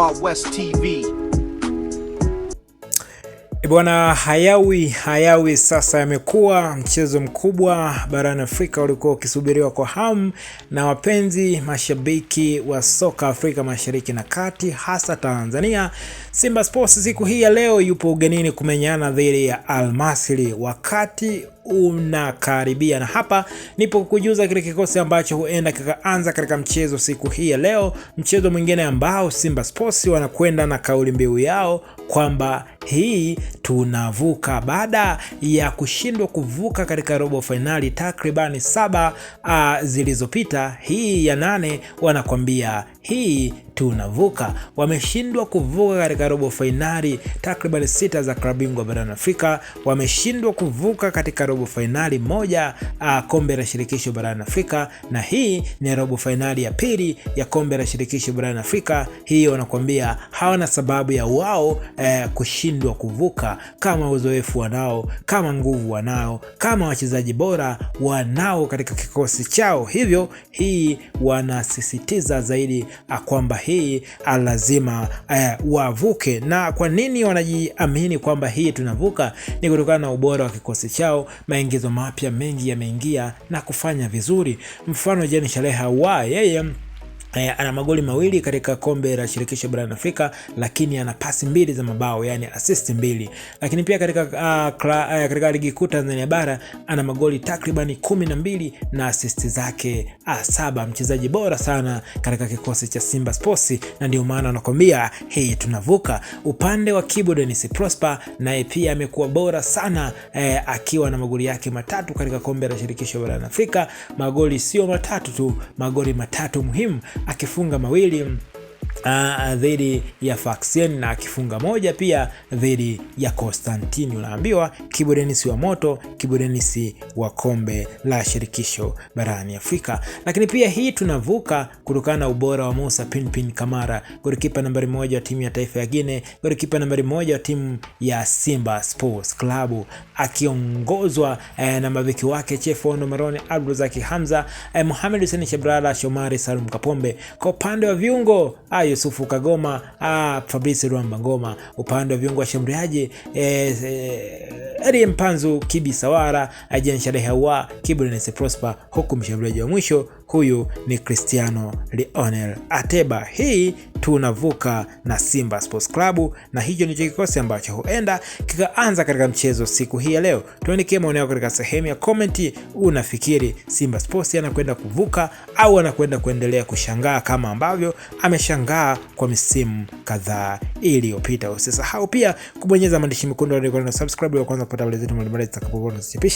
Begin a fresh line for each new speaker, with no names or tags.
Wild West TV. E bwana hayawi hayawi sasa yamekuwa mchezo mkubwa barani Afrika ulikuwa ukisubiriwa kwa hamu na wapenzi mashabiki wa soka Afrika Mashariki na Kati, hasa Tanzania. Simba Sports siku hii ya leo yupo ugenini kumenyana dhidi ya Al Masry wakati unakaribia, na hapa nipo kujuza kile kikosi ambacho huenda kikaanza katika mchezo siku hii ya leo, mchezo mwingine ambao Simba Sports wanakwenda na kauli mbiu yao kwamba hii tunavuka, baada ya kushindwa kuvuka katika robo fainali takribani saba ah, zilizopita, hii ya nane wanakwambia hii unavuka, wameshindwa kuvuka katika robo fainali takriban sita za klabu bingwa barani Afrika, wameshindwa kuvuka katika robo fainali moja a ah, kombe la shirikisho barani Afrika, na hii ni robo fainali ya pili ya kombe la shirikisho barani Afrika. Hii wanakuambia hawana sababu ya wao e, kushindwa kuvuka, kama uzoefu wanao, kama nguvu wanao, kama wachezaji bora wanao katika kikosi chao. Hivyo hii wanasisitiza zaidi ah, kwamba hii ah, lazima eh, wavuke. Na kwa nini wanajiamini kwamba hii tunavuka? Ni kutokana na ubora wa kikosi chao, maingizo mapya mengi yameingia na kufanya vizuri. Mfano Jean Charles Ahoua yeye Eh, ana magoli mawili katika kombe la shirikisho barani Afrika, lakini ana pasi mbili za mabao, yani assist mbili. Lakini pia katika, uh, kla, uh, katika ligi kuu Tanzania bara ana magoli takriban kumi na mbili na assist zake uh, saba. Mchezaji bora sana katika kikosi cha Simba Sports, na ndio maana anakwambia hey, tunavuka. Upande wa Kibu Denis Prosper naye pia amekuwa bora sana eh, akiwa na magoli yake matatu katika kombe la shirikisho barani Afrika. Magoli sio matatu tu, magoli matatu muhimu akifunga mawili uh, dhidi ya Faksien na akifunga moja pia dhidi ya Constantine. Unaambiwa kibu wa moto, kibu wa kombe la shirikisho barani Afrika. Lakini pia hii tunavuka kutokana na ubora wa Musa Pinpin Kamara, golikipa nambari moja wa timu ya taifa ya Guinea, golikipa nambari moja wa timu ya Simba Sports Club akiongozwa eh, na mabeki wake Chef Ono Marone, Abdulrazak Hamza, eh, Mohamed Hussein Shabrala, Shomari Salum Kapombe. Kwa upande wa viungo ayo, Yusufu Kagoma, ah, Fabrice Ruamba Ngoma, upande wa viungo washambuliaji eh, eh, Mpanzu, Kibi Sawara, ajen Sharehewa, Kibu Lenese Prosper, huku mshambuliaji wa mwisho huyu ni Cristiano Lionel Ateba. Hii tunavuka na Simba Sports Club, na hicho ndicho kikosi ambacho huenda kikaanza katika mchezo siku hii ya leo. Tuandikie maoni yako katika sehemu ya komenti. Unafikiri Simba Sports anakwenda kuvuka au anakwenda kuendelea kushangaa kama ambavyo ameshangaa kwa misimu kadhaa iliyopita? Usisahau pia kubonyeza maandishi mekundu na subscribe ili kwanza kupata habari zetu mbalimbali zitakapokuwa